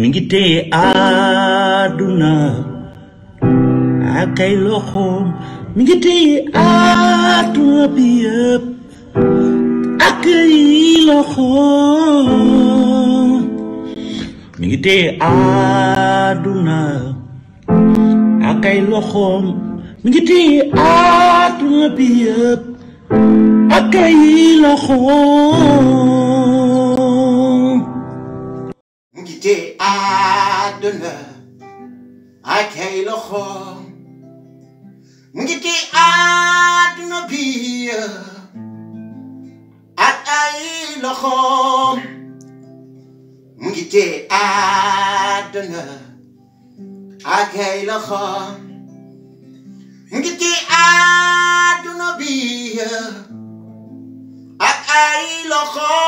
mi ngi téye àdduna ak ay loxoom mi ngi téye àdduna bi yëpp ak mi ngi téye àdduna ak ay mi ngi téye àdduna bi yëpp ak était à d'honneur. À quel roi Ngiti à nos À Ngiti à d'honneur. Ngiti